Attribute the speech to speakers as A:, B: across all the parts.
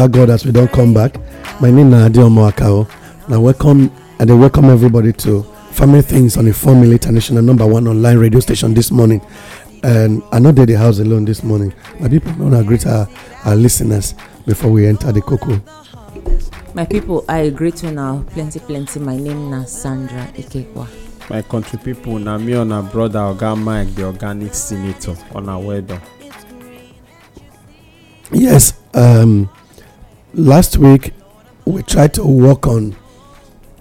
A: thank God as we don't come back. My name is Adiomo Akao. Now welcome and I welcome everybody to Family Things on the Formula International number one online radio station this morning. And I know they the house alone this morning. My people want to greet our, our listeners before we enter the cocoa.
B: My people, I greet you now. Plenty, plenty. My name is Sandra Ikekwa.
C: My country people, na me and our brother Oga Mike, the organic senator, on our weather.
A: Yes, um, last week we tried to work on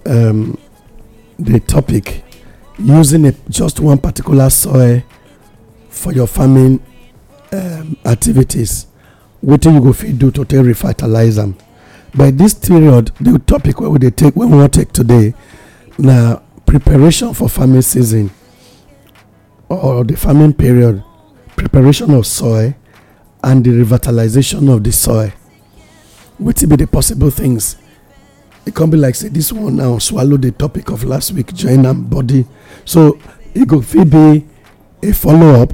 A: um, the topic using a, just one particular soil for your farming um, activities do you go feed do to take revitalize them? By this period the topic where would they take When we take today now preparation for farming season or the farming period preparation of soil and the revitalization of the soil what be the possible things It can be like say this one now swallow the topic of last week join and body so it go be a follow up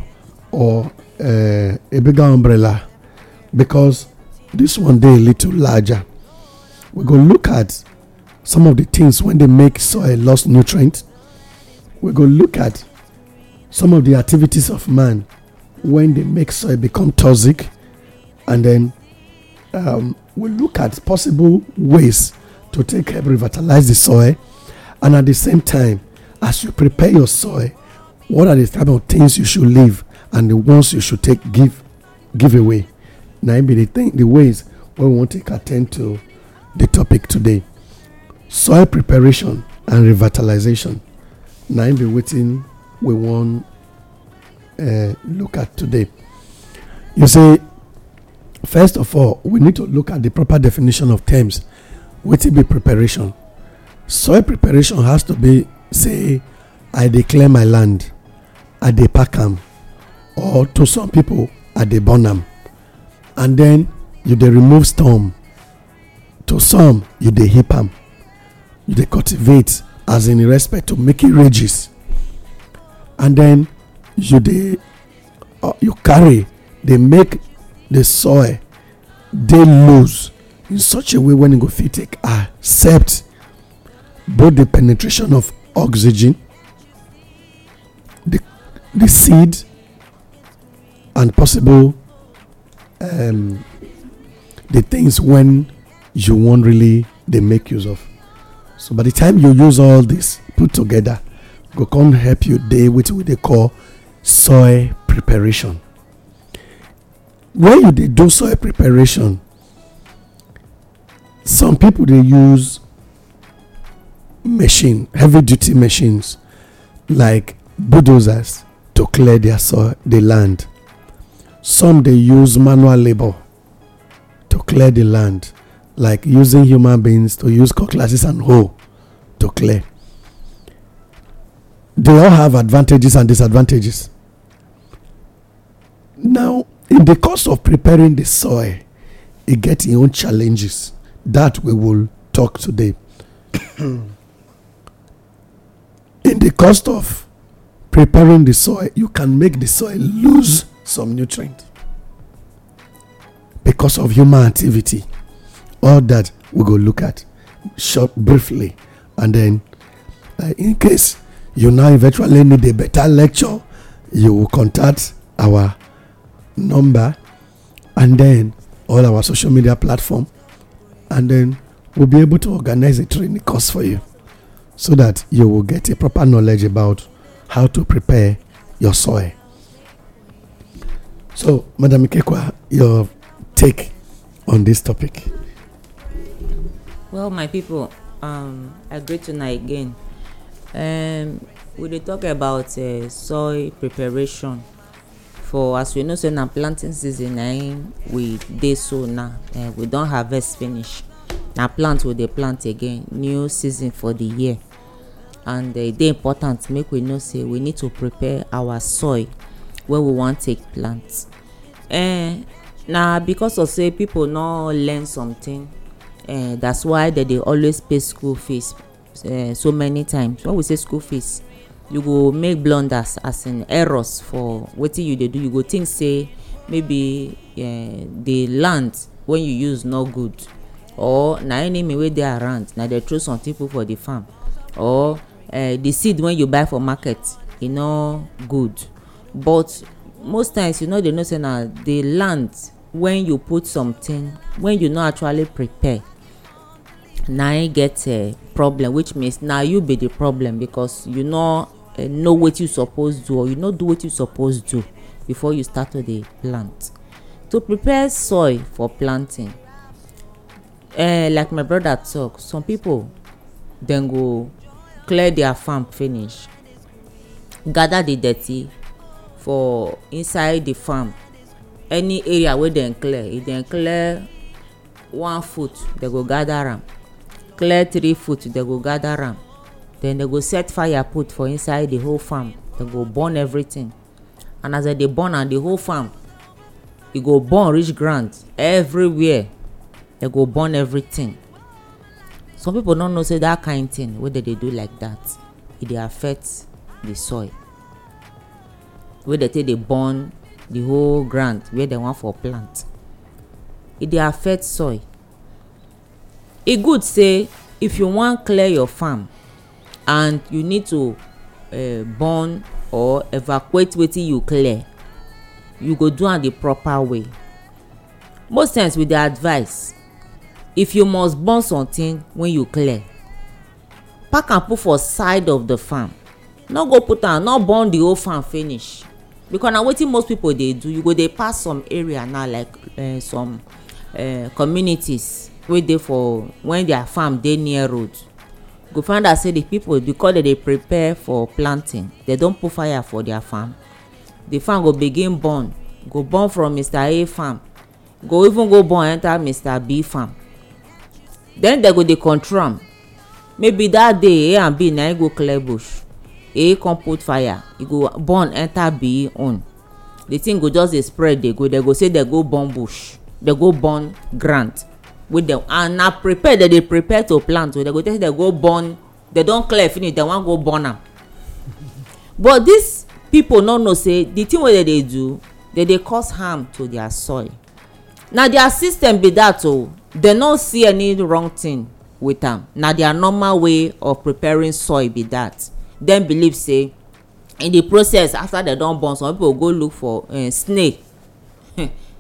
A: or eh, a bigger umbrella because this one day a little larger we go look at some of the things when they make soil lost nutrient we go look at some of the activities of man when they make soil become toxic and then um, we look at possible ways to take help revitalize the soil and at the same time as you prepare your soil what are the type of things you should leave and the ones you should take give give away now maybe the thing the ways we want to attend to the topic today soil preparation and revitalization now be waiting we want uh, look at today you see First of all, we need to look at the proper definition of terms. What be preparation? Soil preparation has to be, say, I declare my land, I dey pack am, or to some people, I dey burn am. And then you dey remove storm. To some, you dey heap am. You dey cultivate as in respect to making ridges. And then you dey, uh, you carry, dey make the soil dey loose in such a way when e go fit take accept both the penetration of oxygen the, the seed and possible um, the things when you won't really they make use of so by the time you use all this put together go come help you dey with what they call soil preparation when you dey do soil preparation some people dey use machine heavy duty machines like bulldozers to clear their soil the land some dey use manual labour to clear the land like using human beings to use cutlasses and hoe to clear they all have advantages and disadvantages now in the course of preparing the soil, it gets your own challenges that we will talk today. in the cost of preparing the soil, you can make the soil lose some nutrient because of human activity. All that we go look at short briefly, and then uh, in case you now eventually need a better lecture, you will contact our number and then all our social media platform and then we'll be able to organize a training course for you so that you will get a proper knowledge about how to prepare your soil. So, Madam Ikekwa, your take on this topic?
B: Well, my people, um, I greet you now again. Um, we dey talk about uh, soil preparation for as we know say na planting season na im we dey so now uh, we don harvest finish na plant we dey plant again new season for the year and uh, dey important make we know say we need to prepare our soil wey we wan take plant uh, na because of say people no learn something uh, that's why they dey always pay school fees uh, so many times when we say school fees you go make blunders as in errors for wetin you dey do you go think say maybe uh, the land wey you use no good or na enemy wey dey around na dey throw some people for the farm or uh, the seed wey you buy for market e no good but most times you no know, dey know say na the land when you put something when you no actually prepare na e get uh, problem which means na you be the problem because you no uh, know wetin you suppose do or you no do what you suppose do before you start to dey plant to prepare soil for planting uh, like my brother talk some people dem go clear their farm finish gather the dirty for inside the farm any area wey dem clear if dem clear one foot dem go gather am clear three foot dem go gather am then they go set fire put for inside the whole farm they go burn everything and as they dey burn am the whole farm e go burn reach ground everywhere they go burn everything some people no know say that kind thing wey they dey do like that e dey affect the soil wey dey take dey burn the whole ground where dem wan for plant e dey affect soil e good say if you wan clear your farm and you need to uh, burn or evacuate wetin you clear you go do am the proper way most times we dey advise if you must burn something when you clear pack am put for side of the farm no go put am no burn the whole farm finish because na wetin most people dey do you go dey pass some area now like uh, some uh, communities wey dey for when their farm dey near road go find out say the people because they dey prepare for planting they don put fire for their farm the farm go begin burn go burn from mr a farm go even go burn enter mr b farm then they go dey control am maybe that day a and b na e go clear bush a come put fire e go burn enter b own the thing go just dey spread dey go they go say they go burn bush they go burn ground with them, and na prepare dem dey prepare to plant o they go tell say go burn dem don clear finish They wan go burn am but dis people no know say the thing wey they dey do dem dey cause harm to their soil na their system be that. o oh, they no see any wrong thing with am na their normal way of preparing soil be that. dem believe say in the process after they don burn some people go look for um snail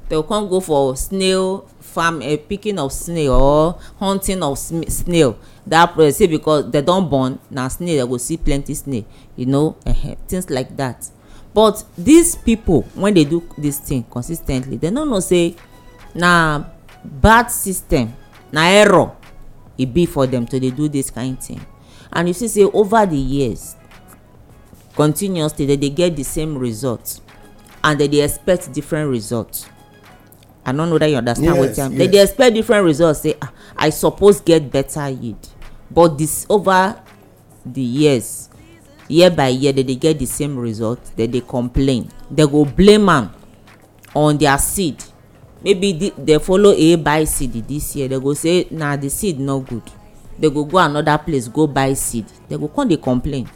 B: They go come go for snail farm uh, picking of snail or hunting of snail that uh, say because they don born na snail they go see plenty snail you know uh, things like that but these people when they do this thing consistently they no know say na bad system na error e be for them to dey do this kind thing and you see say over the years continuously they dey get the same result and they dey expect different results i no know that you understand yes, wetin i yes. they dey expect different results say ah i suppose get better yield but this over the years year by year they dey get the same result they dey complain they go blame am on their seed maybe they follow a buy seed this year they go say na the seed no good they go go another place go buy seed they go come dey complain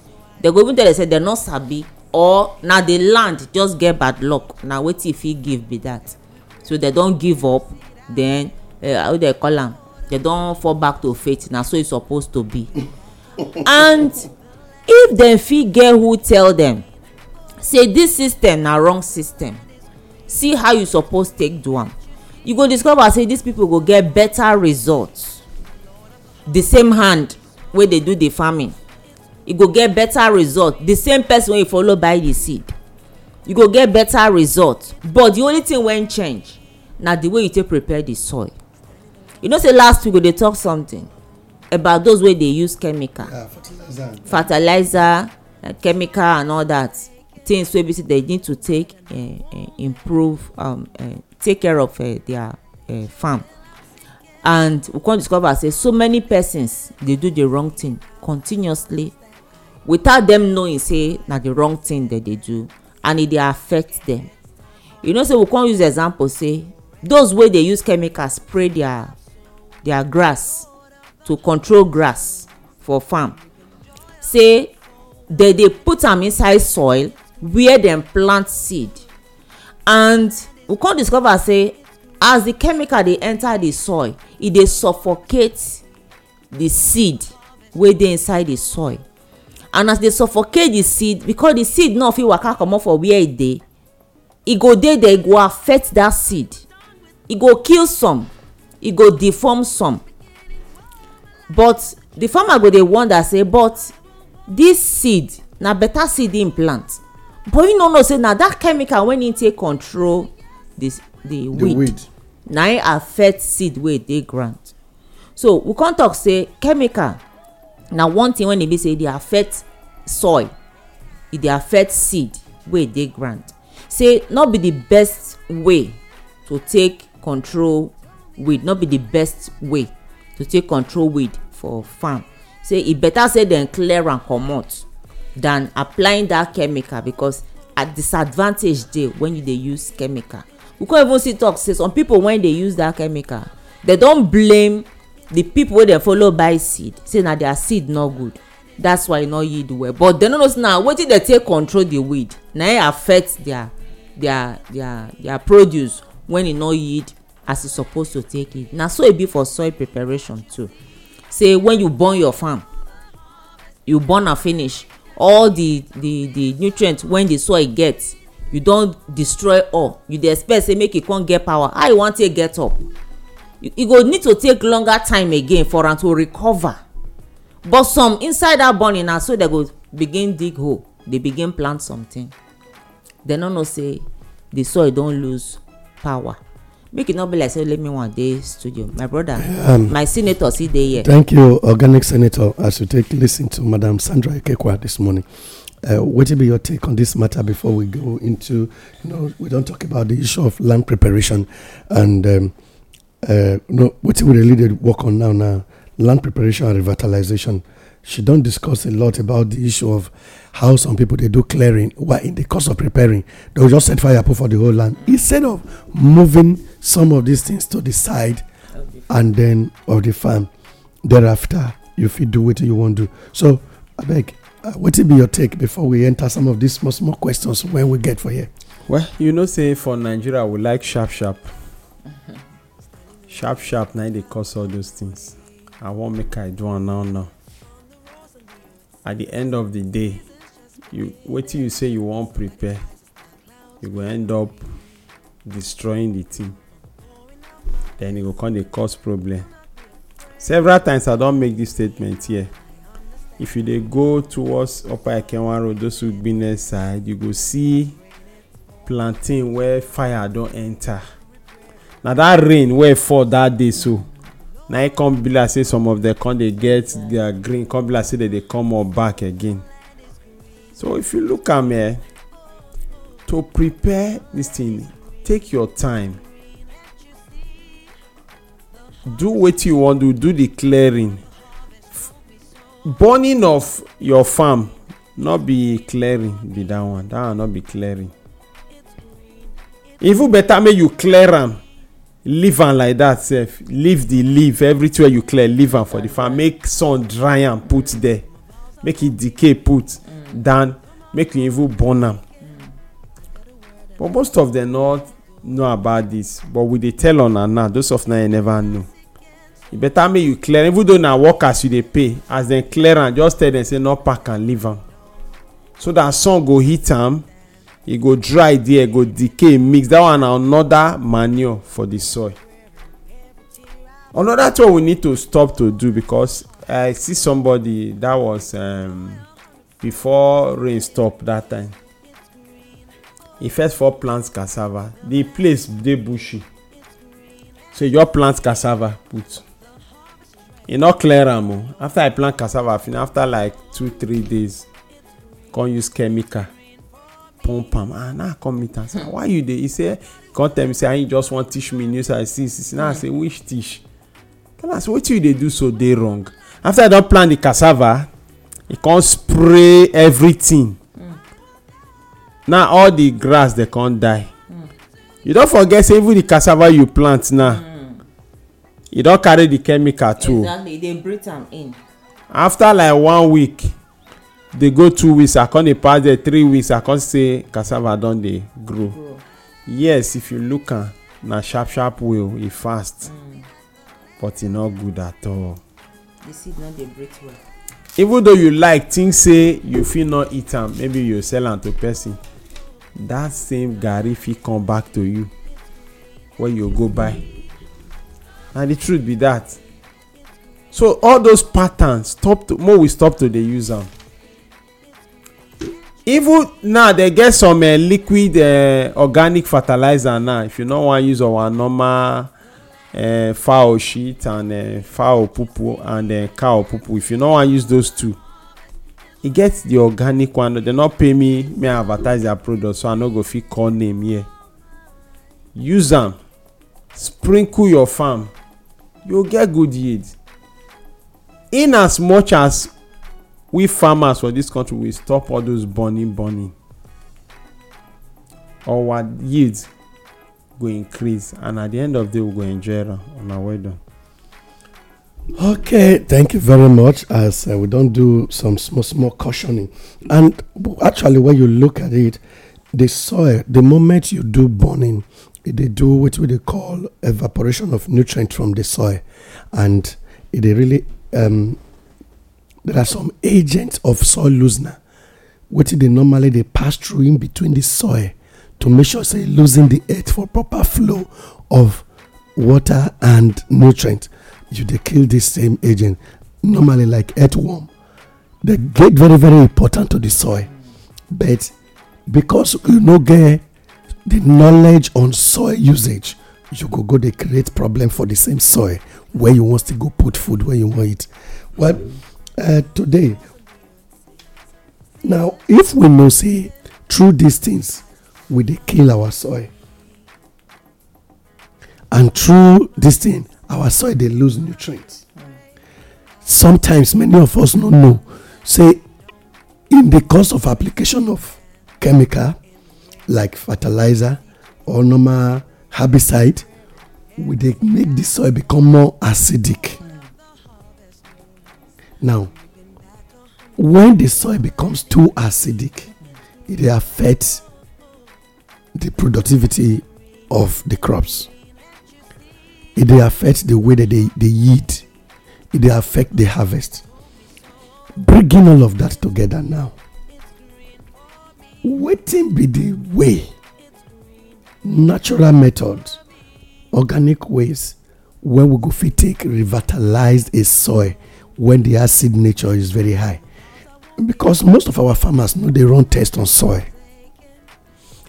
B: they go even tell them say they no sabi or na the land just get bad luck na wetin e fit give be that so they don give up then eh, how they call am They don fall back to faith na so e suppose to be and if dem fit get who tell dem say dis system na wrong system see how you suppose take do am you go discover say dis people go get better result the same hand wey dey do the farming e go get better result the same person wey follow buy the seed you go get better result but the only thing wey change na the way you take prepare the soil you know say last week we dey talk something about those wey dey use chemical yeah, fertilizer, fertilizer uh, chemical and all that things wey be say they need to take uh, improve um, uh, take care of uh, their uh, farm and we come discover say so many persons dey do the wrong thing continuously without them knowing say na the wrong thing dem dey do and e dey affect dem you know say we come use example say those wey dey use chemical spray their their grass to control grass for farm say dey dey put am inside soil where dem plant seed and we come discover say as the chemical dey enter the soil e dey suffocate the seed wey dey inside the soil and as dey suffocate the seed because the seed no fit waka comot for where e dey e go dey there e go affect that seed e go kill some e go deform some but the farmer go dey wonder say but this seed na better seed im plant but you no know say na that chemical wey im take control this, the weed, weed. na im affect seed wey dey ground so we come talk say chemical Now one thing wen e be say e dey affect soil e dey affect seed wey dey ground say no be the best way to take control weed no be the best way to take control weed for farm say e better say dem clear am comot than applying that chemical because a disadvantage dey when you dey use chemical we come even see talk say some people when dey use that chemical they don blame the people wey dey follow buy seed say na their seed no good that's why e no yield well but dem no know say na wetin dey take control the weed na e affect their their their their produce when e no yield as e suppose to take it. na so e be for soil preparation too say when you burn your farm you burn am finish all the the the nutrient wey the soil get you don destroy all you dey expect say make e come get power how e wan take get up e go need to take longer time again for am to recover but some inside that burning na so dem go begin dig hole dey begin plant something dem no know say the soil don lose power make e no be like say let me one dey studio my brother um, my senator still dey here. thank
A: you organic senator as you take lis ten to madam sandra ikekwa this morning uh, what be your take on this matter before we go into you know we don talk about the issue of land preparation and. Um, uh, no, what we really did work on now now land preparation and revitalization. She don't discuss a lot about the issue of how some people they do clearing Why in the course of preparing they will just set fire for the whole land instead of moving some of these things to the side and then of the farm thereafter you feed do what you want to So I beg, uh, what will be your take before we enter some of these small small questions when we get for here?
C: Well, you know, say for Nigeria, we like sharp sharp. Uh-huh. sharp sharp na e dey cause all those things i wan make i do am now now at the end of the day you wetin you say you wan prepare you go end up destroying the thing then e go come dey cause problem several times i don make this statement here if you dey go towards upper ekenwan road those who gbinne side you go see plantain where fire don enter na that rain wey fall that day so na e come be like say some of dem come dey get their green come be like say they dey come up back again so if you look am eh to prepare this thing take your time do wetin you wan do do the clearing burning of your farm no be clearing be that one that one no be clearing even better make you clear am leave am like that sef leave the leaf everywhere you clear leave am for the farm make sun dry am put there make e decay put mm. down make you even burn am mm. but most of dem no know about this but we dey tell una now those of una never know e better make you clear even though na workers you dey pay as dem clear am just tell dem say no pack am leave am so that sun go hit am e go dry there go decay mix that one na another manure for the soil another thing we need to stop to do because i see somebody that was um, before rain stop that time he first for plant cassava the place dey bushy so he just plant cassava put e no clear am o after i plant cassava finish after like two three days come use chemical pump am ah now come meet am ah, say why you dey he say come tell me say he just wan teach me new side see see now i say which teach tell am say wetin you dey do so dey wrong after i don plant the cassava e come spray everything mm. now all the grass dey come die mm. you don forget say even the cassava you plant now mm. e don carry the chemical too
B: exactly. too e exactly dey in
C: after like one week dey go two weeks i con dey pass there three weeks i con say cassava don dey grow yes if you look am na sharp sharp way o oh, e fast mm. but e no good at all
B: the seed no dey breathe well
C: even though you like think say you fit not eat am maybe you sell am to person that same garri fit come back to you when you go buy na the truth be that so all those patterns stop to more we stop to dey use am even now they get some uh, liquid uh, organic fertilizer now if you no wan use our normal uh, fowl shit and uh, fowl pupu and uh, cow pupu if you no wan use those two e get the organic one they no pay me me advertise their product so i no go fit call name here use am sprinkle your farm you get good yield in as much as we farmers for this country we stop all those burning burning our yield go increase and at the end of the day we go enjoy am una well done.
A: Okay, thank you very much. As uh, we don't do some small, small cautioning, and actually, when you look at it, the soil, the moment you do burning, they do what we call evaporation of nutrients from the soil, and it really um, there are some agents of soil loosener wetin dey normally dey pass through in between the soil to make sure say loosen the earth for proper flow of water and nutrient you dey kill this same agent normally like earthworm dey get very very important to the soil but because you no get the knowledge on soil usage you go go dey create problem for the same soil where you wan still go put food where you wan eat well uh, today now if we know say through these things we dey kill our soil and through this thing our soil dey lose nutrients sometimes many of us no know say in the course of application of chemical like fertilizer or normal herbicide we dey make the soil become more acidic now when the soil becomes too acidic it affects the productivity of the crops it dey affect the way that they, they yield it dey affect the harvest bringing all of that together now wetin be the way natural methods organic ways wey we go fit take revitalize a soil when the acid nature is very high because most of our farmers know they run tests on soil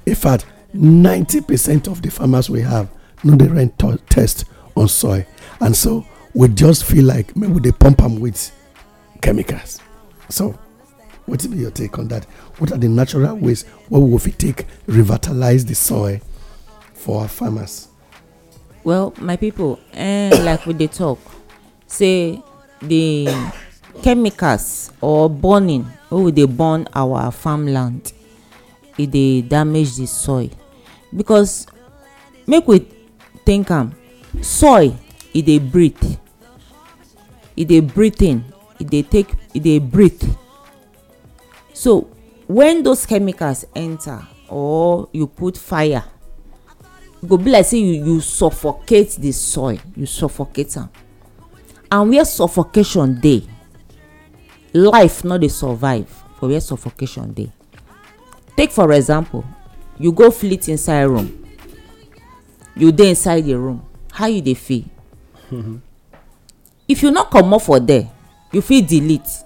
A: in fact ninety percent of the farmers we have know they run tests on soil and so we just feel like maybe we pump them with chemicals so what is your take on that what are the natural ways wey we will take revitalize the soil for our farmers.
B: well my people eh, like we dey talk say the chemicals or burning wey we dey burn our farmland e dey damage the soil because make we think am soil e dey breathe e dey breathe in e dey take e dey breathe so when those chemicals enter or you put fire e go be like say you you suffocate the soil you suffocate am and where suffocation dey life no dey survive for where suffocation dey take for example you go flit inside room you dey inside the room how you dey feel if you no comot for there you fit delete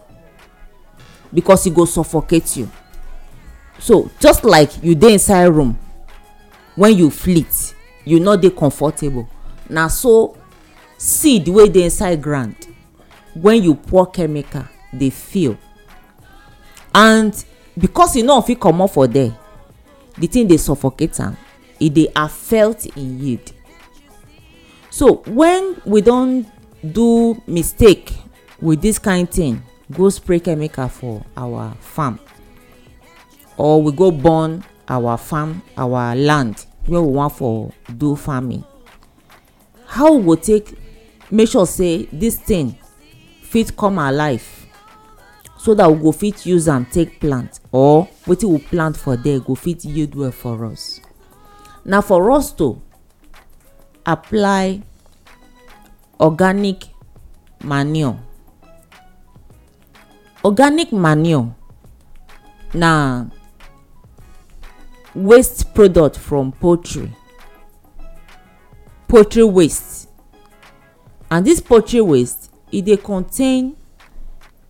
B: because e go suffocate you so just like you dey inside room when you flit you no dey comfortable na so seed wey dey inside ground when you pour chemical dey fail and because e no fit comot for there the thing dey suffocate am e dey affect im e yield so when we don do mistake with this kind thing go spray chemical for our farm or we go burn our farm our land wey we wan for do farming how we go take make sure say this thing fit come alive so that we go fit use am take plant or wetin we plant for there go fit yield well for us na for us to apply organic manure organic manure na waste product from poultry poultry waste and this poultry waste e dey contain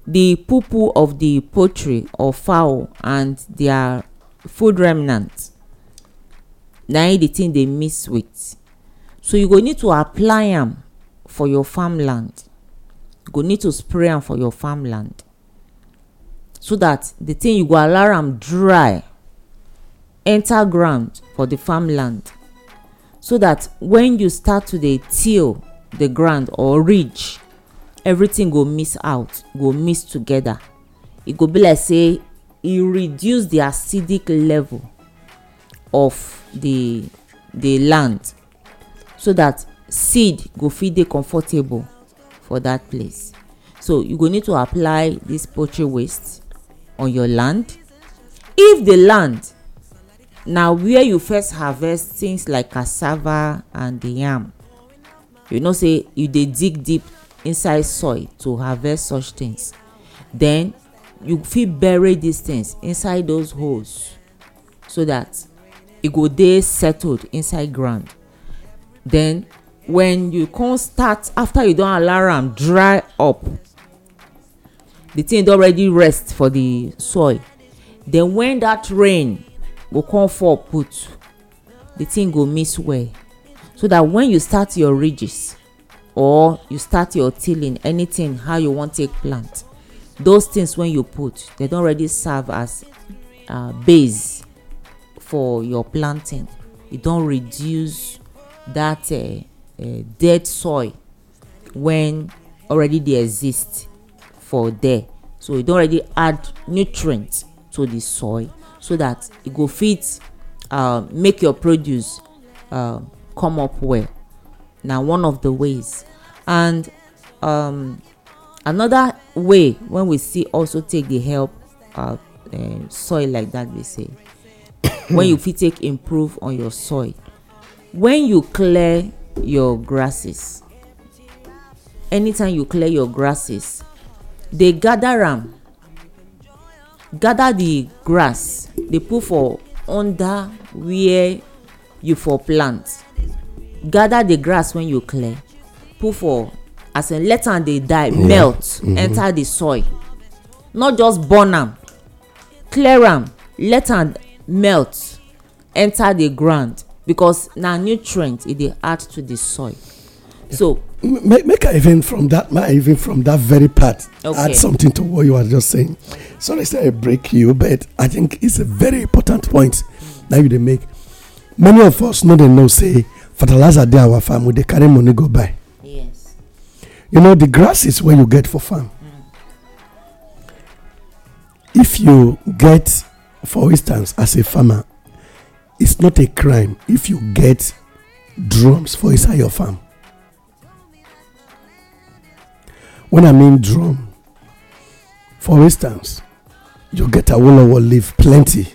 B: the poo poo of the poultry or fowl and their food remnant na im the thing dey mix with so you go need to apply am for your farmland you go need to spray am for your farmland so that the thing you go allow am dry enter ground for the farmland so that when you start to dey till the ground or ridge everything go miss out go miss together e go be like say e reduce the acidic level of the the land so that seed go fit dey comfortable for that place so you go need to apply this poultry waste on your land if the land na where you first harvest things like cassava and the yam you know say you dey dig deep inside soil to harvest such things then you fit bury these things inside those holes so that e go dey settled inside ground then when you come start after you don allow am dry up the thing don already rest for the soil then when that rain go come fall put the thing go mix well so that when you start your ridges or you start your tilling anything how you wan take plant those things wey you put they don already serve as uh, base for your planting e don reduce that uh, uh, dead soil when already dey exist for there so e don already add nutrient to the soil so that e go fit uh, make your produce uh, come up well. Now, one of the ways. And um, another way when we see also take the help of uh, soil like that, we say, when you fit take improve on your soil. When you clear your grasses, anytime you clear your grasses, they gather am gather the grass they put for under where you for plant gather the grass when you clear put for as in let am dey die yeah. melt mm -hmm. enter the soil not just burn am clear am let am melt enter the ground because na nutrient e dey add to the soil so. make,
A: make I even from that my even from that very part okay. add something to what you are just saying. Sorry, say I break you, but I think it's a very important point that you they make. Many of us know they know say fertilizer dey our farm we dey carry money go buy yes you know the grass is wey you get for farm mm. if you get for instance as a farmer it's not a crime if you get drums for inside your farm when i mean drum for instance you get awolowo leaf plenty mm.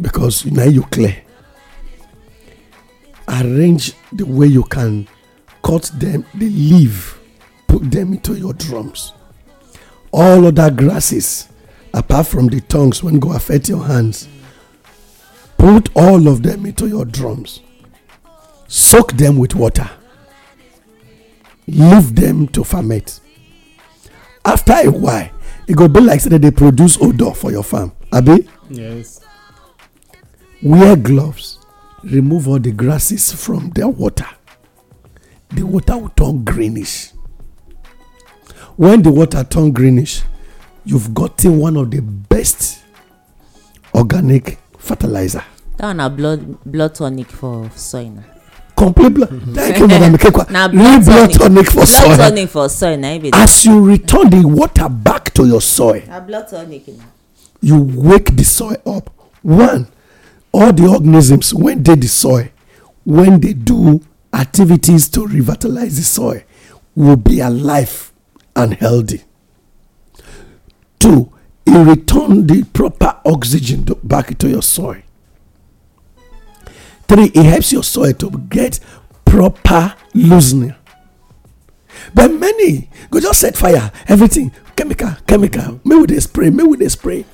A: because na you clear arrange the way you can cut them the leaf put them into your drums all other grasses apart from the tongues when go affect your hands put all of them into your drums soak them with water leave them to ferment after a while e go be like say dem dey produce odour for your farm abi yes wear gloves remove all the grasses from their water, the water will turn greenish. When the water turn greenish, you've gotten one of the best organic fertilizer.
B: That one a blood blood tonic for soil. Complete blood. Mm-hmm. Thank you, Madam Kekwa. now blood, blood tonic, for soil. Blood tonic for soil. Now, As
A: you return the water back to your soil,
B: now blood tonic.
A: You wake the soil up. One all the organisms when they the soil when they do activities to revitalize the soil will be alive and healthy two it return the proper oxygen back to your soil three it helps your soil to get proper loosening but many go just set fire everything chemical chemical may they spray may they spray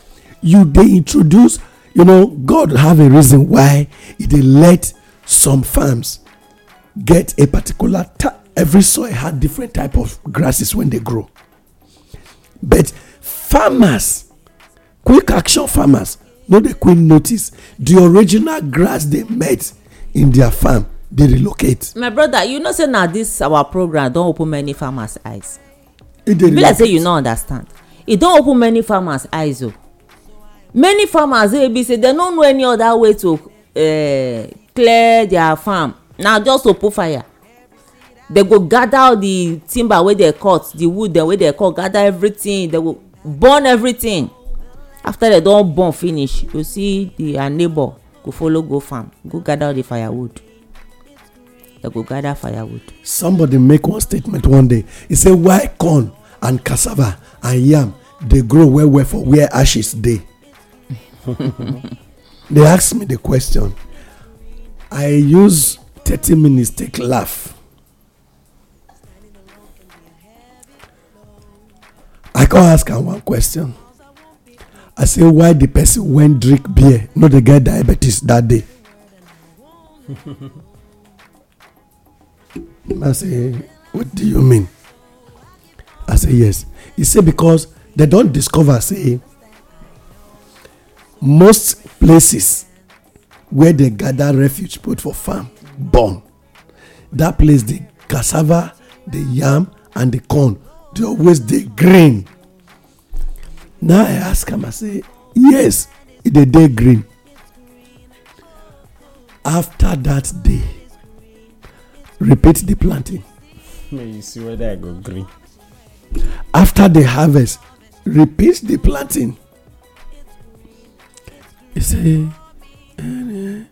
A: you they introduce you know god have a reason why e dey let some farms get a particular every soil had different type of grasses when they grow but farmers quick action farmers no dey quick notice the original grass they met in their farm dey
B: relocate. my brother you know say na this our program don open many farmers eyes. e dey relocate be like say you no understand e don open many farmers eyes o. Oh many farmers wey be say dem no know any other way to uh, clear their farm na just to put fire dem go gather all the timber wey dem cut the wood dem wey dem cut gather everything dem go burn everything after dem don burn finish you see the neighbor go follow go farm go gather all the firewood dem go gather firewood.
A: somebody make one statement one day he say why corn and cassava and yam dey grow well well for where ashes dey they asked me the question. I use 30 minutes take laugh. I can ask her one question. I say, why the person went drink beer, not the guy diabetes that day. I say, what do you mean? I say, yes. He said, because they don't discover, say, most places where they gather refuge put for farm born. that place the cassava the yam and the corn They always dey green now i ask am i say yes e dey dey green after that day repeat the planting
C: may you see whether i go green
A: after the harvest repeat the planting He say, eh, eh,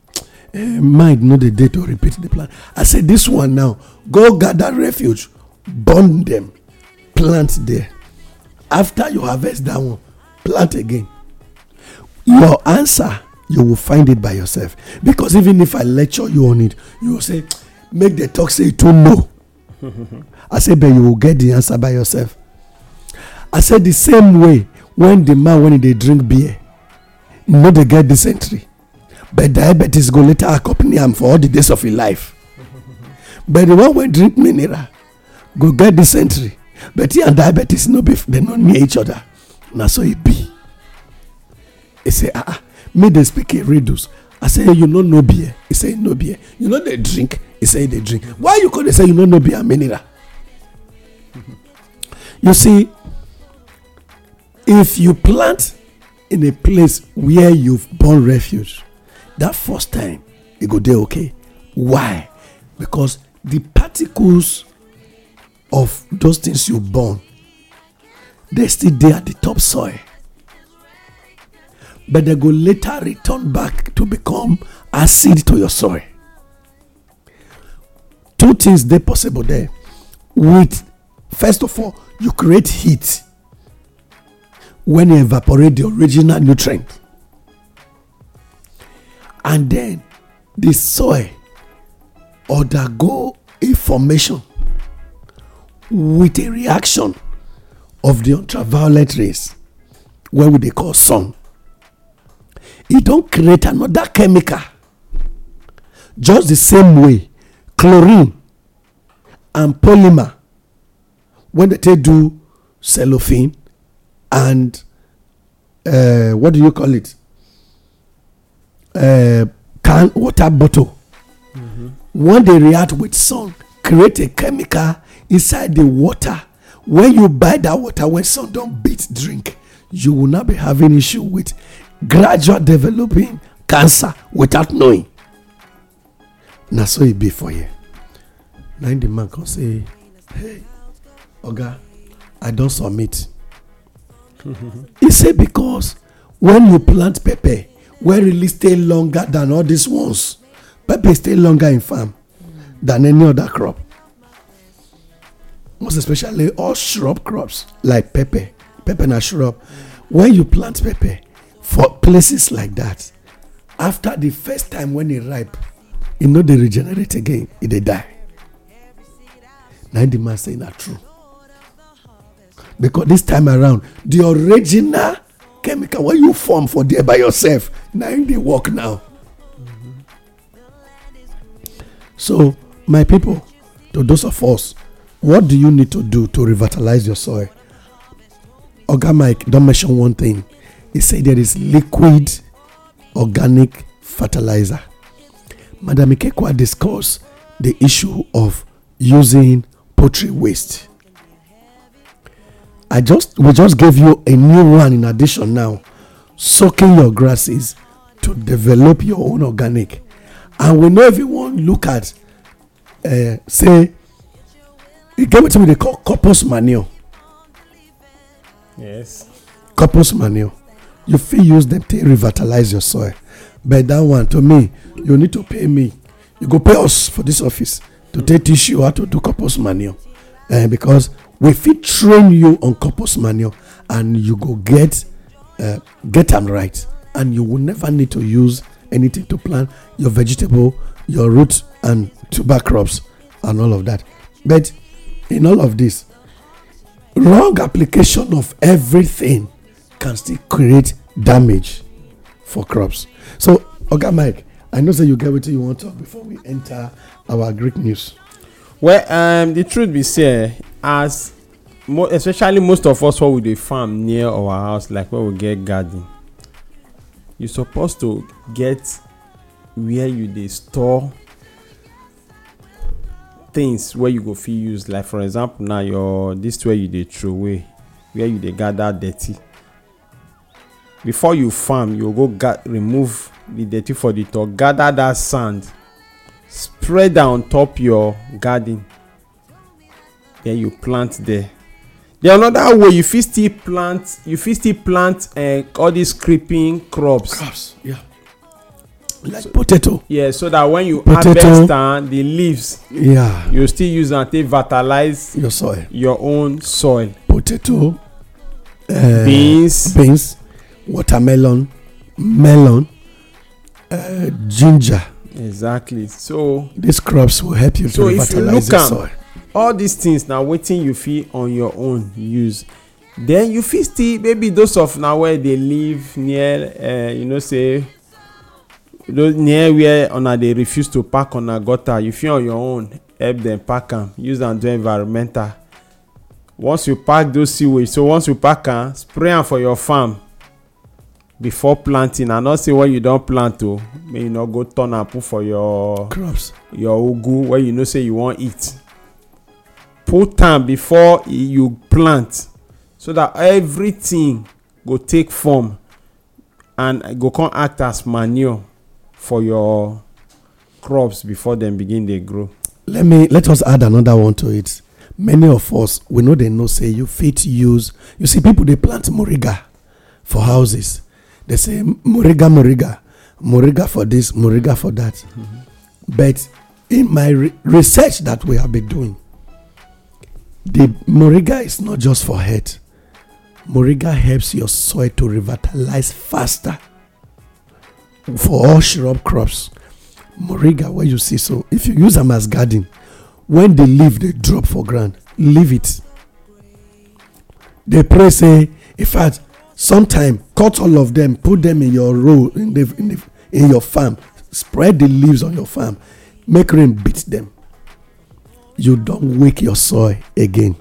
A: eh, mind no dey dey to repeat the plan. I say this one now, go gather refuge, burn them, plant there. After you harvest that one, plant again. Your answer, you will find it by yourself. Because even if I lecture you on it, you will say, make the talk say too no. I say, but you will get the answer by yourself. I say the same way when the man when they drink beer no dey get dysentery but diabetes go later accompany am for all the days of him life but the one wey drink mineral go get dysentery but he and diabetes no be they no near each other na so e be He say ah ah me dey speak in riddles i say you no know beer He say no beer you no dey drink He say e dey drink why you come dey say you no know beer and mineral you see if you plant in a place where you've born refuge that first time e go dey okay why because the particles of those things you born dey still dey at the top soil but they go later return back to become acid to your soil two things dey possible there with first of all you create heat when e evaporate the original nutrient and then the soil undergo a formation with a reaction of the ultraviolet rays wey we dey call sun e don create another chemical just the same way chlorine and polymer wey dey take do cellophane and uh, what do you call it? Uh, can water bottle. Mm-hmm. When they react with sun, create a chemical inside the water. When you buy that water, when sun don't beat drink, you will not be having issue with gradual developing cancer without knowing. Na so e be for you. Na the man come say, "Hey, Oga, I don submit." he said, Because when you plant pepper, where it stay longer than all these ones, pepper stay longer in farm than any other crop. Most especially all shrub crops like pepper. Pepper and shrub. When you plant pepper for places like that, after the first time when e ripe e no dey regenerate again e dey die na the man say na true because this time around the original chemical wey you form for there by yourself na im dey work now so my people to those of us what do you need to do to revitalize your soil oga mike don't mention one thing he say there is liquid organic fertilizer madam ikekwa discussed the issue of using poultry waste I just we just gave you a new one in addition now. Soaking your grasses to develop your own organic. And we know everyone look at uh, say e get wetin we dey call compost manure. Yes. Compost manure. You feel use them take revitalize your soil. But that one to me, you need to pay me. You go pay us for this office to take teach you how to do compost manure. Uh, because we fit train you on compost manure and you go get uh, get am right and you will never need to use anything to plant your vegetable your root and tuber crops and all of that but in all of this wrong application of everything can still create damage for crops so oga okay, mike i know say you get wetin you wan talk before we enter our greek news.
C: well um, the truth be say as mo especially most of us who we dey farm near our house like where we get garden you suppose to get where you dey store things wey you go fit use like for example na your this where you dey throway where you dey gather dirty before you farm you go ga remove the dirty for the top gather that sand spread am on top your garden then you plant there The another way you fit still plant you fit still plant uh, all these creeping crops crops yeah like so, potato yeah so that when you potato. harvest am the leaves yeah you still use am take fertilize your soil your own soil potato
A: uh, beans beans watermelon melon
C: uh, ginger exactly so
A: these crops will help you so to fertilize you your soil
C: all these things na wetin you fit on your own use then you fit still maybe those of na where dey live near uh, you know say near where una dey refuse to park una gutter you fit on your own help dem park am use am do environmental once you park those sewage so once you park am spray am for your farm before planting i know say when you don plant o oh, may you no go turn am put for your crops your ugu wey you know say you wan eat put am before you plant so that everything go take form and go come act as manure for your crops before dem begin dey grow
A: let me let us add another one to it many of us we no dey know say you fit use you see people dey plant moringa for houses dey say moringa moringa moringa for this moringa for that mm-hmm. but in my research that we have been doing The Moriga is not just for head. Moriga helps your soil to revitalize faster for all shrub crops. Moriga, where you see, so if you use them as garden, when they leave, they drop for ground. Leave it. They pray say, in fact, sometime cut all of them, put them in your row in the, in, the, in your farm, spread the leaves on your farm, make rain beat them you don't wake your soil again.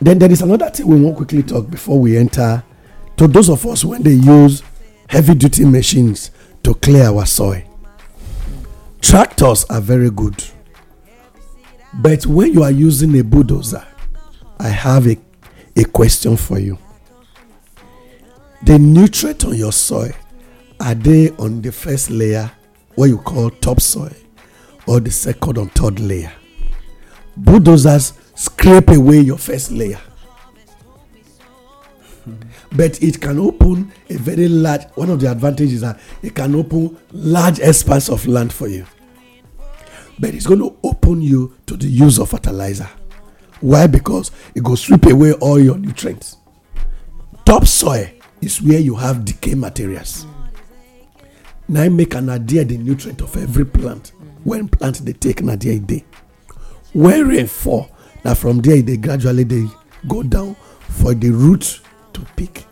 A: Then there is another thing we want quickly talk before we enter. To those of us when they use heavy duty machines to clear our soil, tractors are very good. But when you are using a bulldozer, I have a, a question for you. The nutrients on your soil are they on the first layer, what you call topsoil? or the second and third layer. Bulldozers scrape away your first layer. Hmm. but it can open a very large one of the advantages that it can open large expanse of land for you but it's going to open you to the use of fertilizer why because it goes sweep away all your nutrients topsoil is where you have decay materials na make an idea the nutrient of every plant when plant they take na there day, dey when rain fall na from there they gradually they go down for the root to pick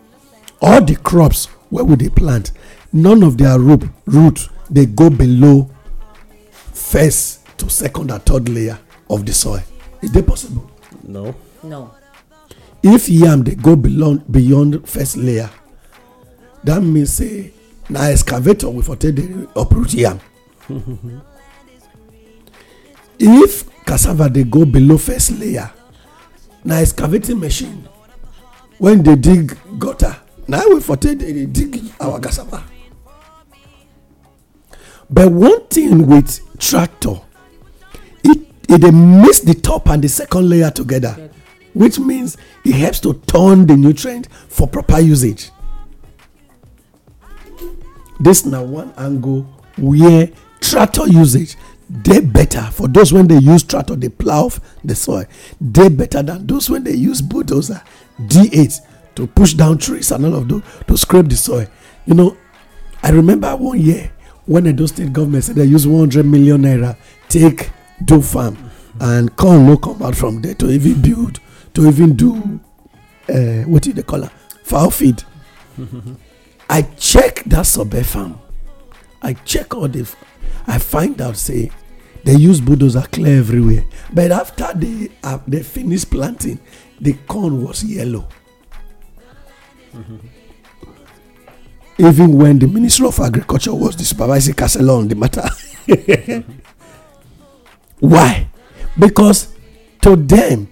A: all the crops where we dey plant none of their root root dey go below first to second and third layer of the soil Is e that possible. no no. if yam dey go beyond beyond first layer that mean say na excavator we for take dey uproot yam if cassava dey go below first layer na excavating machine wey dey dig gutter na we for take dey dig our cassava but one thing with tractor it e dey mix the top and the second layer together which means e helps to turn the nutrient for proper usage this na one angle where tractor usage dey better for those when dey use tractor dey plow the soil dey better than those when dey use bulldozer d8 to push down trees and all of those to scrape the soil you know i remember one year when edo state government say they use one hundred million naira take do farm and corn no come out from there to even build to even do uh, what do they call am fowl feed. i check that sobe farm i check all the i find out say they use bulldozer clear everywhere but after they uh, they finish planting the corn was yellow even when the minister of agriculture was the supervisor, counselor on the matter why because to them,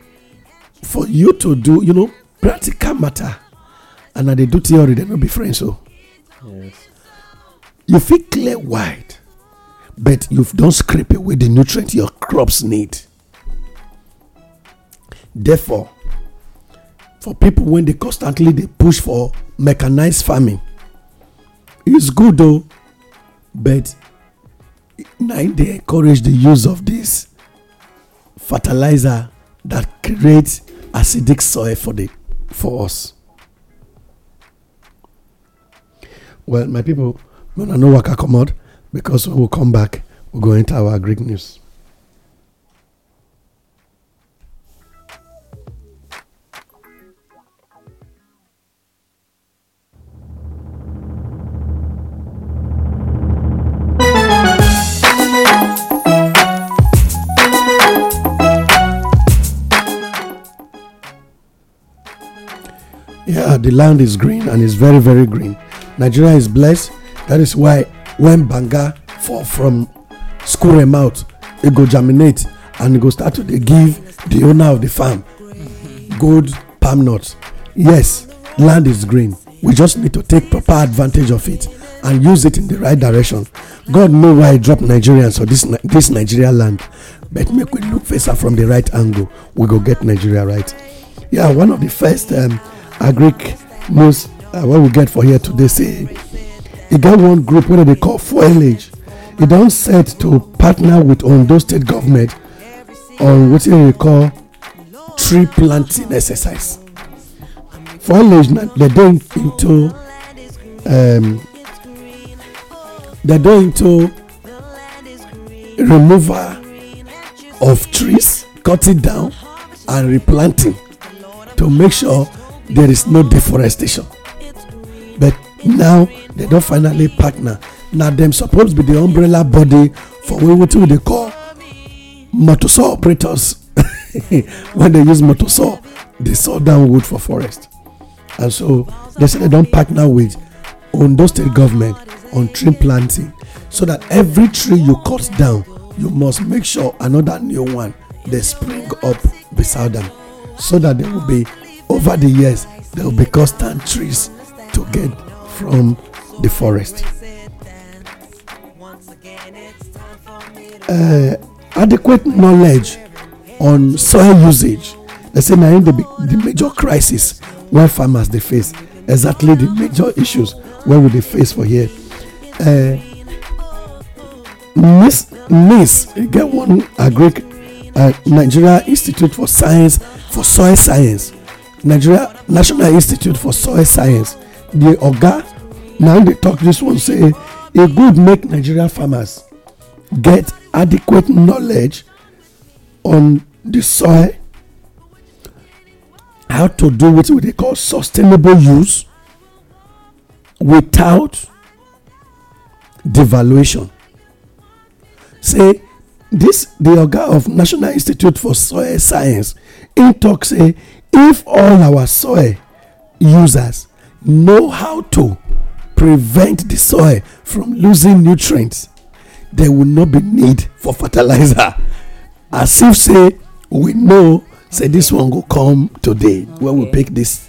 A: for you to do you know practical matter and na dey do theory they no be friends Oh. Yes. You fit clear white, but you've don't scrape away the nutrient your crops need. Therefore, for people when they constantly they push for mechanized farming, it's good though, but now they encourage the use of this fertilizer that creates acidic soil for the for us. Well, my people, when I know what I come out, because we'll come back, we'll go into our Greek news. Yeah, the land is green and it's very, very green. Nigeria is blessed. That is why when Banga fall from school, Skurem out, it e go germinate and it e go start to They give the owner of the farm good palm nuts. Yes, land is green. We just need to take proper advantage of it and use it in the right direction. God know why I drop Nigerians or this this Nigeria land, but make we look facer from the right angle. We go get Nigeria right. Yeah, one of the first um, agric news uh, what we get for here today say e got one group What dem they call fuelage e don set to partner with ondo state government on what they call tree planting exercise fuelage they're going into um, they're going into removal of trees cutting down and replanting to make sure there is no deforestation but now they don finally partner na dem suppose be the umbrella body for wetin we dey call motor saw operators when they use motor saw dey saw down wood for forest and so they say they don partner with ondo state government on tree planting so that every tree you cut down you must make sure another new one dey spring up beside am so that they will be over the years they will be constant trees to get from the forest. Uh, adequate knowledge on soil usage. They say now in the, the major crisis when farmers they face exactly the major issues where will they face for here. Uh, Miss, NIS get one agric uh, Nigeria Institute for Science for Soil Science, Nigeria National Institute for Soil Science. the oga now dey talk this one say e good make nigeria farmers get adequate knowledge on the soil how to do wetin we dey call sustainable use without devaluation say this the oga of national institute for soil science im talk say if all our soil users know how to prevent the soil from losing nutrients there will not be need for fertilizer as if say we know say this one go come today okay. when we pick this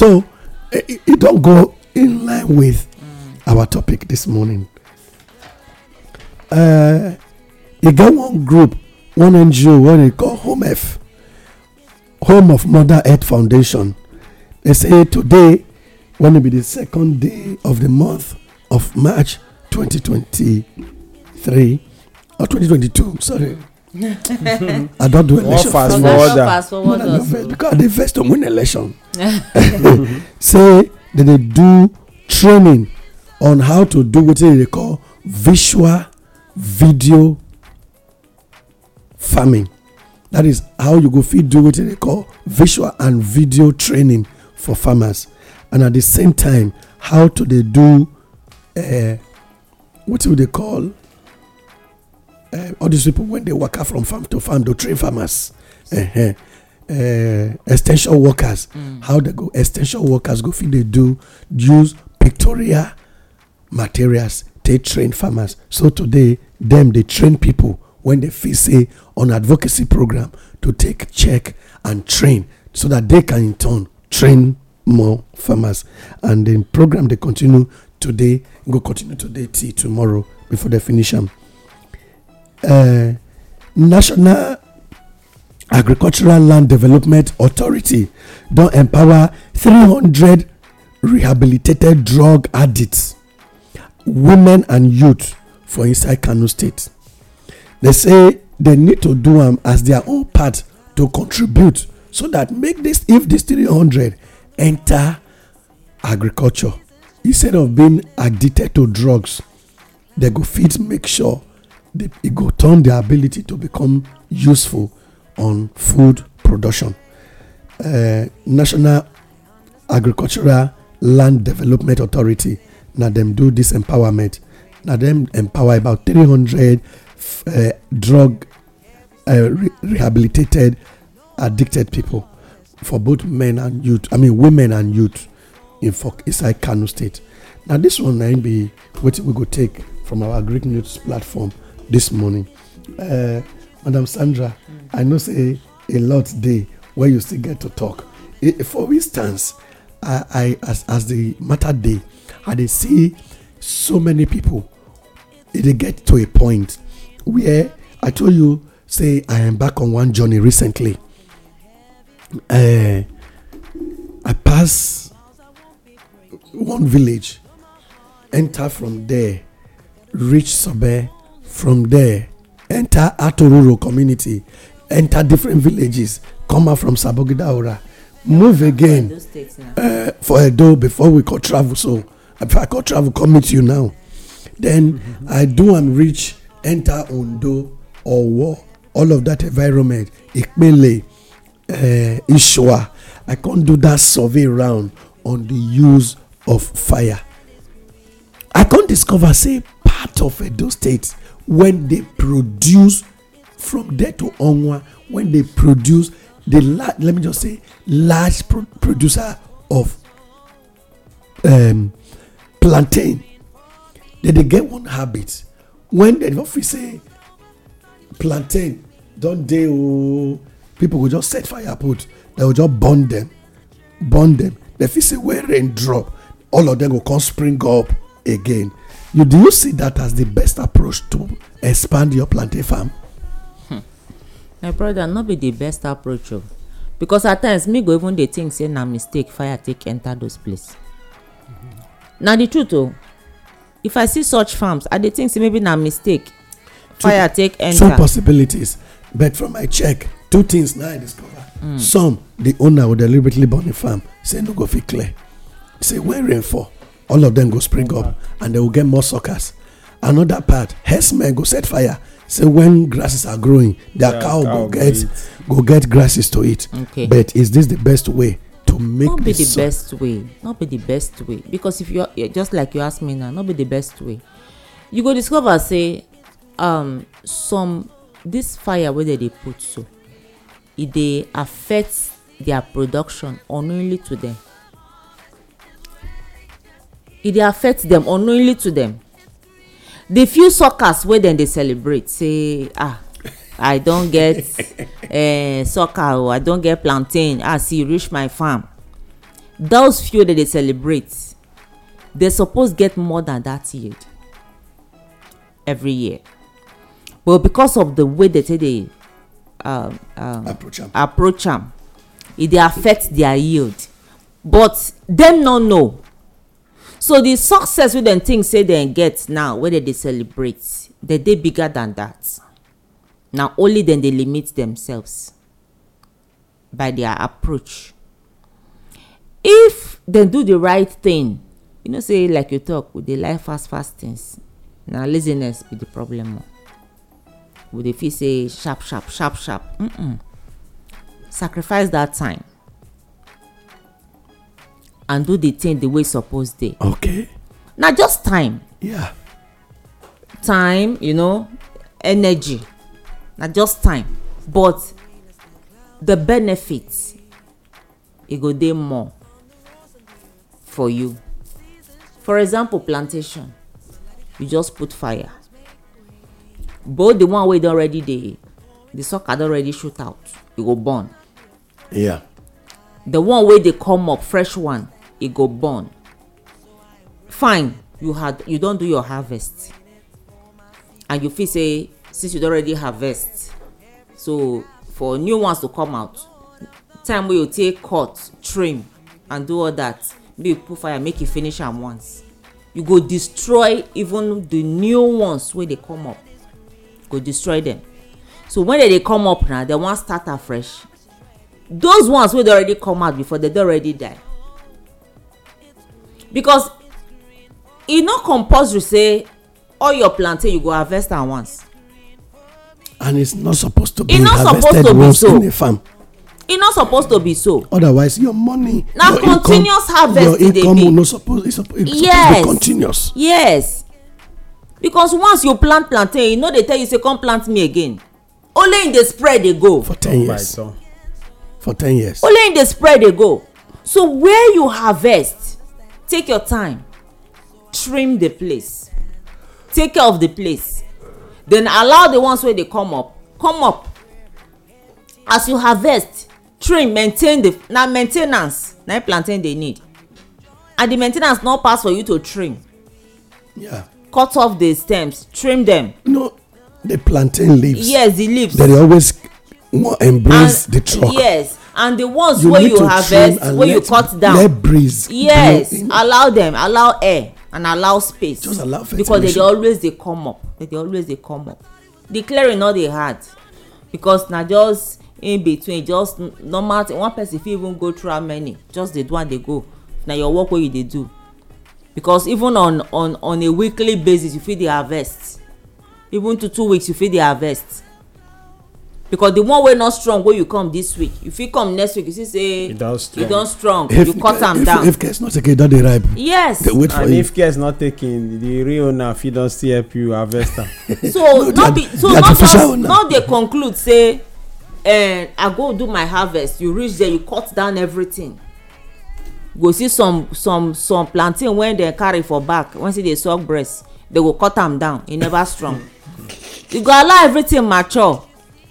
A: so eh, it, it don go in line with mm. our topic this morning uh, e get one group one ngo wey dey call home earth home of mother earth foundation They say today, when it be the second day of the month of March 2023 or 2022, sorry.
C: I don't do election. Fast forward. Fast forward no,
A: uh, because they first to win election. say that they do training on how to do what they call visual video farming. That is how you go feed do what they call visual and video training for farmers and at the same time how do they do uh, what do they call uh, all these people when they work out from farm to farm to train farmers uh uh, extension workers mm. how they go extension workers go fit they do use pictorial materials they train farmers so today them they train people when they feel say on advocacy program to take check and train so that they can in turn train more farmers. And the program they continue today, go continue today till tomorrow before they finish them. Uh, National Agricultural Land Development Authority don't empower 300 rehabilitated drug addicts, women and youth for inside Kano State. They say they need to do them as their own part to contribute so that make this if this 300 enter agriculture instead of being addicted to drugs they go fit make sure they, it e go turn their ability to become useful on food production uh, national agricultural land development authority na dem do this empowerment na dem empower about 300 uh, drug uh, re rehabilitated addicted people for both men and youth. I mean women and youth in Fok inside Kano State. Now this one may be what we go take from our Greek news platform this morning. Uh, Madam Sandra, I know say a lot day where you still get to talk. For instance, I, I as as the matter day, I dey see so many people. They e get to a point where I told you say I am back on one journey recently uh, I pass one village, enter from there, reach Sobe, from there, enter Atoruro community, enter different villages, come out from Sabogidaura, move again uh, for Edo before we could travel. So if I could travel, come meet you now. Then mm-hmm. I do and reach, enter Ondo or War, all of that environment, Ikmele. Ishwa. Eh, I can't do that survey round on the use of fire. I can't discover, say, part of Edo State when they produce from there to Onwa, when they produce the large, let me just say, large pro- producer of um, plantain. Then they get one habit. When the office say plantain, don't they? Oh, people go just set fire put they go just burn them, burn them. dem fit say when rain drop all of them go come spring up again you do you see that as the best approach to expand your plantain farm.
B: Hmm. my brother no be the best approach o oh. because at times me go even dey think say na mistake fire take enter those place mm -hmm. na the truth o oh. if i see such farms i dey think say maybe na mistake fire take enter. two
A: possibilities but from my check two things now i discover some the owner go deliberately burn the farm say no go fit clear say when rain fall all of them go spring up and they will get more suckers another part herdsmen go set fire say when grasses are growing their cow go get go get grasses to eat Okay. but is this the best way to make not be the best
B: way not be the best way because if you just like you ask me now not be the best way you go discover say um some this fire wey dem dey put so e dey affect their production unknowingly to them e dey affect them unknowingly to them the few suckers wey dem dey celebrate say ah i don get uh, sucker o oh, i don get plantain as ah, e reach my farm those few dem dey celebrate dey suppose get more than that yield every year but because of the way dey take dey Um, um, approach am approach am e dey affect their yield but dem no know so the success wey dem think say dem get now wey dem dey celebrate dem dey bigger than that na only dem dey limit themselves by their approach if dem do the right thing you know say like you talk we dey like fast fast things na laziness be the problem o we dey feel say sharp sharp sharp sharp mm-mm. sacrifice that time and do the thing the way e suppose dey. okay. na just time. yeah. time you know energy na just time but the benefit e go dey more for you for example plantation you just put fire both the one wey don already dey the sucker don already shoot out e go burn yeah the one wey dey come up fresh one e go burn fine you had you don do your harvest and you feel say since you don already harvest so for new ones to come out time wey you take cut trim and do all that make you put fire make you finish am once you go destroy even the new ones wey dey come up go destroy them. so when they dey come up now, they wan start afresh those ones wey don already come out before dem don already die because e no compulsory say all your plantain you go harvest am once.
A: and it's not supposed to be e harvested once so. in a farm.
B: e no suppose to be so.
A: otherwise your
B: money. na your continuous income, harvest e dey be. your income no suppose e suppose, suppose yes. be
A: continuous.
B: yes because once you plant plantain you no know dey tell you say come plant me again only in the spread dey go. for ten oh years
A: for ten years.
B: only in the spread dey go so where you harvest take your time trim the place take care of the place then allow the ones wey dey come up come up as you harvest trim maintain the na main ten ance na plantain dey need and the main ten ance no pass for you to trim. Yeah cut off the stems trim them. no the
A: plantain leaves. yes the leaves. they always embrace and, the truck. yes
B: and the ones you wey you harvest wey you cut down. let breeze yes allow them allow air and allow space. just allow because they dey always dey come up they dey always dey come up the clearing no dey hard because na just in between just normal thing one person fit even go through how many just dey do am dey go na your work wey you dey do because even on on on a weekly basis you fit dey harvest even to two weeks you fit dey harvest because the one wey no strong wey you come this week you fit come next week you see say e don strong, don strong. If, you cut am down if care is
C: not taken e don
A: dey ripe
B: yes dey you and if
C: care is not taken the real owner fit don still help you harvest am.
B: so no, not be so not just not dey conclude say eh i go do my harvest you reach there you cut down everything go see some some some plantain wey dem carry for back wen see dey suck breast dem go cut am down e never strong you go allow everything mature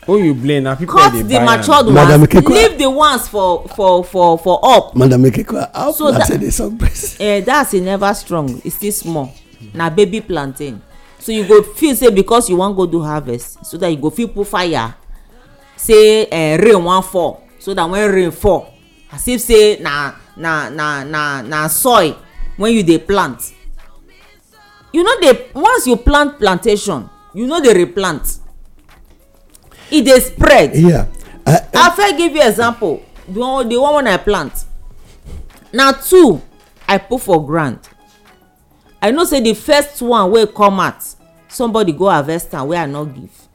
B: who you blame na people dey buy am cut the matured ones leave the ones for for for for up madam ekeko how so plantain dey suck breast eh that's e never strong e still small na baby plantain so you go feel say because you wan go do harvest so that you go fit put fire say uh, rain wan fall so that when rain fall as if say na na na na na soil when you dey plant you no dey once you plant plantation you no dey replant e dey spread yeah i i fit give you example the one the one when i plant na two i put for ground i know say the first one wey come out somebody go harvest am wey i no give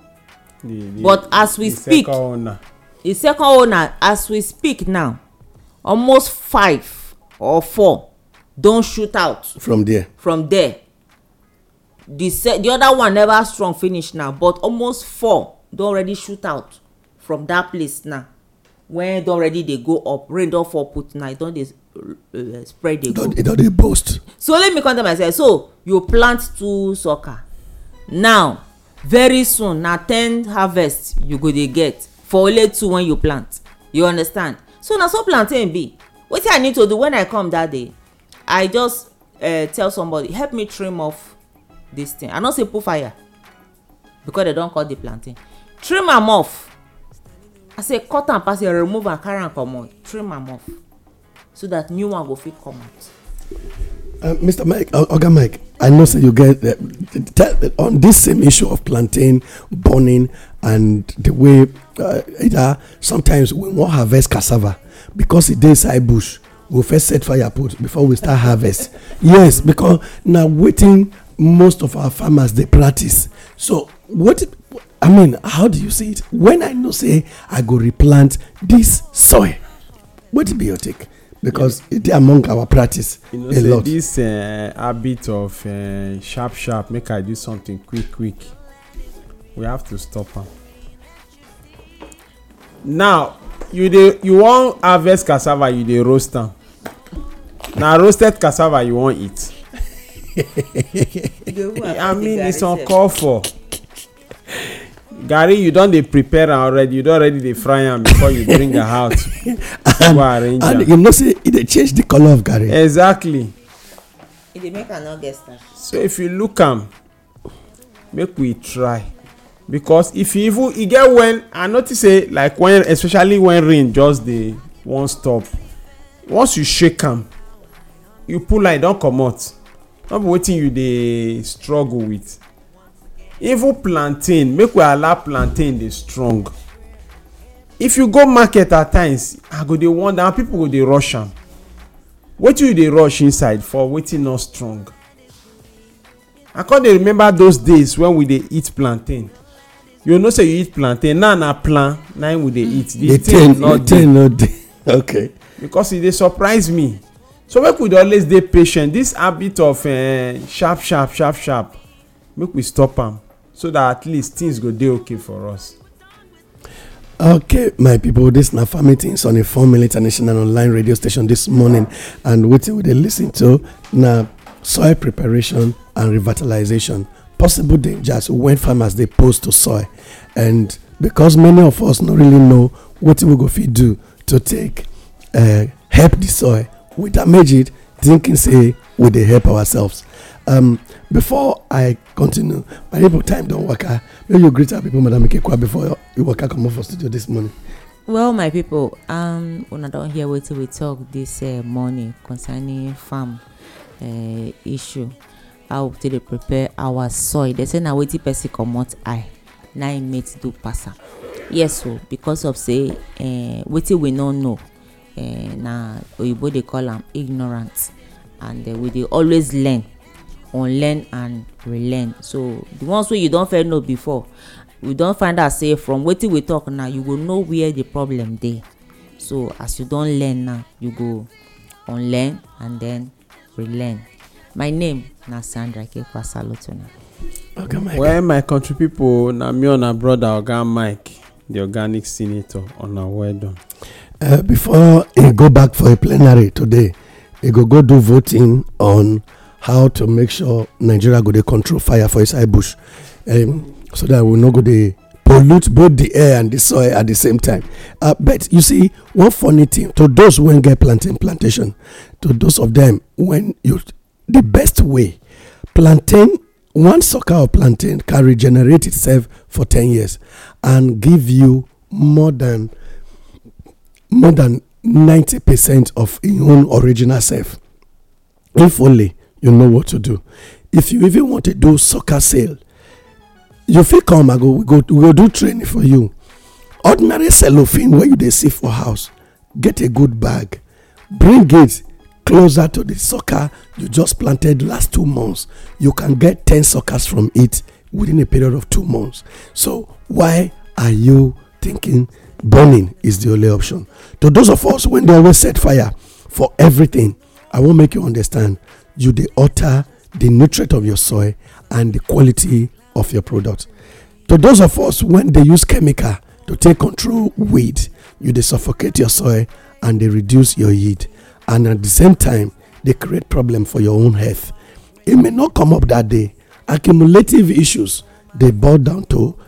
C: the, the, but as we the speak second
B: owner. the second owner as we speak now almost five or four don shoot out. from there from there the se the other one never strong finish now but almost four don already shoot out from that place now when don already dey go up rain don fall put now e don dey eh, spread dey e go. e don dey burst. so let me come tell myself so you plant two sucker now very soon na ten harvest you go dey get for only two when you plant you understand so na so plantain be wetin i need to do when i come that day i just uh, tell somebody help me trim off this thing i no say put fire because they don cut the plantain trim am off i say cut am pass remove am carry am comot trim am off so that new one go fit come out
A: Uh, Mr. Mike, uh, Oga Mike, I know so you get uh, uh, on this same issue of plantain burning and the way uh, either sometimes we won't harvest cassava because it is high bush. We we'll first set fire put before we start harvest. yes, because now waiting most of our farmers they practice. So what I mean, how do you see it? When I know say I go replant this soil, what be your take? because yeah. it dey among our practice you know, a say lot.
C: this uh, habit of uh, sharp sharp make i do something quick quick we have to stop am. now you dey you wan harvest cassava you dey roast am na roasted cassava you wan eat. i mean it's uncalled for garri you don dey prepare am already you don already dey fry am before you bring am out go arrange am and you know say e dey change the colour of garri exactly
B: e dey make am no get starch
C: so if you look am make we try because if you even e get when i notice say like when especially when rain just dey wan stop once you shake am you pull am e don comot no be wetin you dey struggle with even plantain make we allow plantain dey strong if you go market at times i go dey wonder how people go dey rush am wetin you dey rush inside for wetin no strong i come dey remember those days when we dey eat plantain you know say you eat plantain now na plan na im we dey eat the, the thing no dey no dey okay because e dey surprise me so make we dey always dey patient this habit of uh, sharp sharp sharp sharp make we stop am so that at least things go dey okay for us.
A: Okay, my people, this na farm meetings on a four minute national online radio station this morning, and wetin we dey listen to na soil preparation and revitalization, possible dangers when farmers dey pose to soil, and because many of us no really know wetin we go fit do to take uh, help the soil, we damage it thinking say we dey help ourselves. Um, before I continue, my people time don't work. Ah. May you greet our people, Madam Kekwa, before you work out come off for studio this morning.
B: Well, my people, um, una don hear wetin we talk this uh, morning concerning farm uh, issue. How to dey prepare our soil? They say na wetin person come eye I nine mates do pass Yes o, because of say uh, wetin we no know uh, na oyibo they call them ignorant and uh, we they always learn unlearn and relearn so the ones wey you don first know before we don find out say from wetin we talk now you go know where the problem dey so as you don learn now you go unlearn and then relearn my name na sandra kekwasa
C: oga mike well my country pipo na me una brother oga mike the organic senator una well done. Uh, before
A: e go back for a plenary today e go go do voting on how to make sure nigeria go dey control fire for inside bush um, so that we no go dey pollute both the air and the soil at the same time uh, but you see one funny thing to those wey get planting plantation to those of them when you the best way plantain one sucker of plantain can regenerate itself for 10 years and give you more than more than 90% of your own original self if only you know what to do. If you even want to do soccer sale, you fit come i go we go we go do training for you ordinary cellophane wey you dey see for house get a good bag bring it closer to the sucker you just planted last two months you can get ten suckers from it within a period of two months so why are you thinking burning is the only option to those of us when they always set fire for everything i won't make you understand you the alter the nutrient of your soil and the quality of your product. To those of us when they use chemical to take control weed, you they suffocate your soil and they reduce your yield, and at the same time they create problem for your own health. It may not come up that day. Accumulative issues they boil down to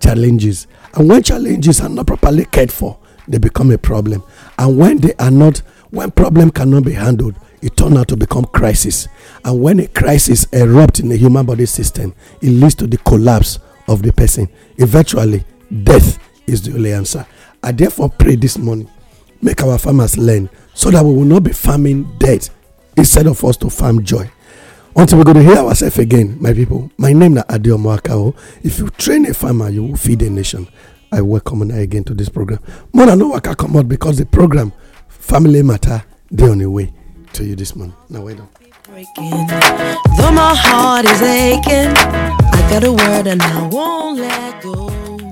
A: challenges, and when challenges are not properly cared for, they become a problem, and when they are not, when problem cannot be handled, it turned out to become crisis. And when a crisis erupts in the human body system, it leads to the collapse of the person. Eventually, death is the only answer. I therefore pray this morning, make our farmers learn so that we will not be farming death instead of us to farm joy. Until we go to hear ourselves again, my people. My name is Adio Moakao. If you train a farmer, you will feed a nation. I welcome you again to this program. More than no work I come out because the program Family Matter, they on the way. to you this month. No, wait up.
B: Though my heart is aching, I got a word and I won't let go.